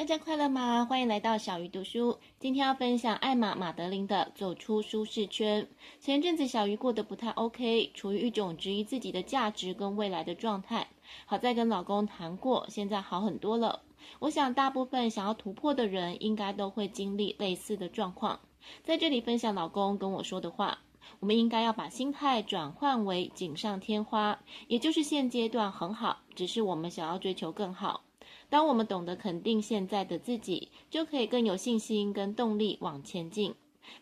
大家快樂嗎？歡迎來到小魚讀書。今天要分享艾瑪馬德林的《走出舒適圈》。前陣子小魚過得不太 OK，處於一種質疑自己的價值跟未來的狀態。好在跟老公談過，現在好很多了。我想大部分想要突破的人，應該都會經歷類似的狀況。在這裡分享老公跟我說的話：我們應該要把心態轉換為錦上添花，也就是現階段很好，只是我們想要追求更好。當我們懂得肯定現在的自己，就可以更有信心跟動力往前進。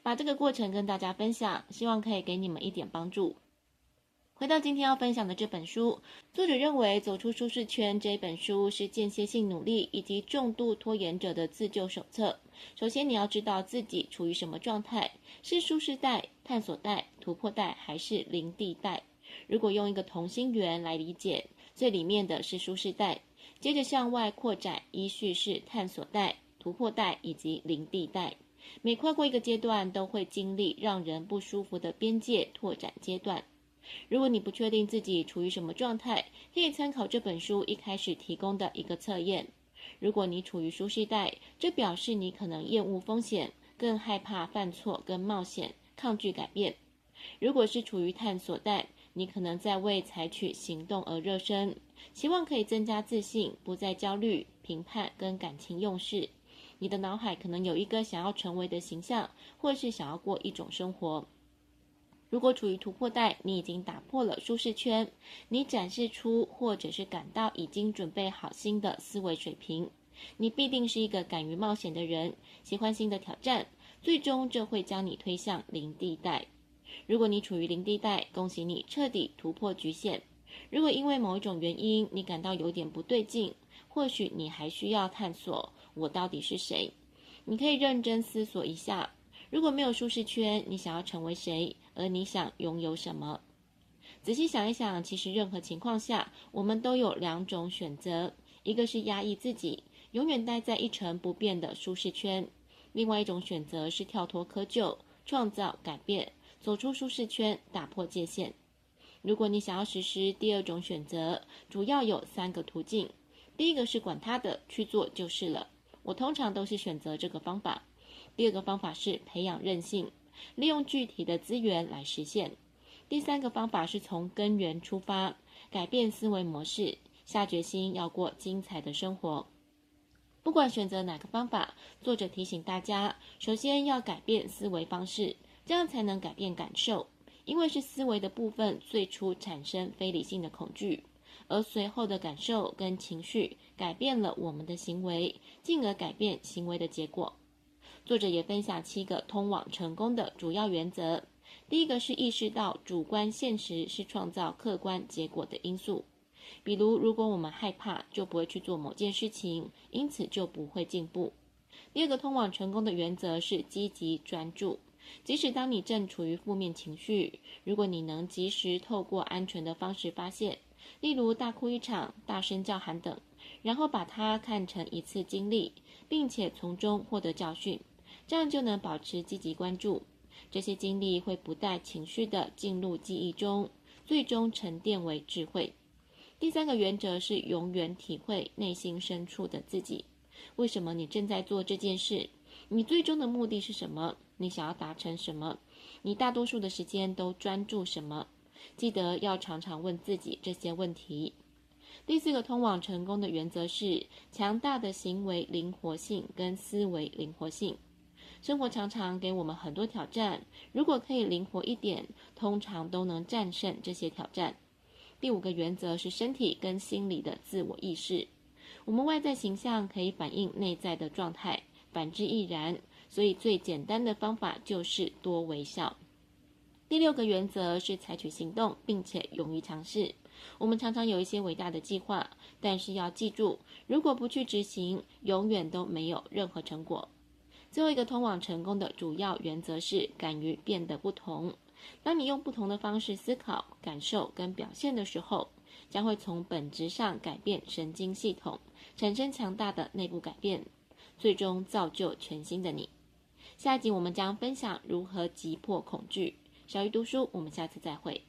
把這個過程跟大家分享，希望可以給你們一點幫助。回到今天要分享的這本書，作者認為《走出舒適圈》這一本書是間歇性努力以及重度拖延者的自救手冊。首先，你要知道自己處於什麼狀態：是舒適帶、探索帶、突破帶，還是零地帶？如果用一個同心圓來理解，最裡面的是舒適帶。接着向外擴展，依序是探索帶、突破帶以及零地帶。每跨過一個階段，都會經歷讓人不舒服的邊界拓展階段。如果你不確定自己處於什麼狀態，可以參考這本書一開始提供的一個測驗。如果你處於舒適帶，這表示你可能厭惡風險，更害怕犯錯跟冒險，抗拒改變。如果是處於探索帶，你可能在為採取行動而熱身，希望可以增加自信，不再焦慮、評判跟感情用事。你的腦海可能有一個想要成為的形象，或是想要過一種生活。如果處於突破帶，你已經打破了舒適圈，你展示出或者是感到已經準備好新的思維水平。你必定是一個敢於冒險的人，喜歡新的挑戰，最終這會將你推向零地帶。如果你處於零地帶，恭喜你徹底突破局限。如果因為某一種原因你感到有點不對勁，或許你還需要探索我到底是誰。你可以認真思索一下，如果沒有舒適圈，你想要成為誰，而你想擁有什麼？仔細想一想，其實任何情況下，我們都有兩種選擇：一個是壓抑自己，永遠待在一成不變的舒適圈；另外一種選擇是跳脫窠臼，創造改變。走出舒適圈，打破界限。如果你想要實施第二種選擇，主要有三個途徑：第一個是管他的去做就是了，我通常都是選擇這個方法；第二個方法是培養韌性，利用具體的資源來實現；第三個方法是從根源出發，改變思維模式，下決心要過精彩的生活。不管選擇哪個方法，作者提醒大家，首先要改變思維方式。這樣才能改變感受，因為是思維的部分最初產生非理性的恐懼，而隨後的感受跟情緒改變了我們的行為，進而改變行為的結果。作者也分享七個通往成功的主要原則，第一個是意識到主觀現實是創造客觀結果的因素，比如如果我們害怕，就不會去做某件事情，因此就不會進步。第二個通往成功的原則是積極專注。即使，當你正處於負面情緒，如果你能及時透過安全的方式發洩，例如大哭一場、大聲叫喊等，然後把它看成一次經歷，並且從中獲得教訓，這樣就能保持積極關注。這些經歷會不帶情緒的進入記憶中，最終沉澱為智慧。第三個原則是永遠體會內心深處的自己。為什麼你正在做這件事？你最終的目的是什麼？你想要達成什麼？你大多數的時間都專注什麼？記得要常常問自己這些問題。第四個通往成功的原則是強大的行為靈活性跟思維靈活性。生活常常給我們很多挑戰，如果可以靈活一點，通常都能戰勝這些挑戰。第五個原則是身體跟心理的自我意識。我們外在形象可以反映內在的狀態。反之亦然。所以，最簡單的方法就是多微笑。第六個原則是採取行動，並且勇於嘗試。我們常常有一些偉大的計劃，但是要記住，如果不去執行，永遠都沒有任何成果。最後一個通往成功的主要原則是敢於變得不同。當你用不同的方式思考、感受跟表現的時候，將會從本質上改變神經系統，產生強大的內部改變。最終造就全新的你。下一集我們將分享如何擊破恐懼。小魚讀書，我們下次再會。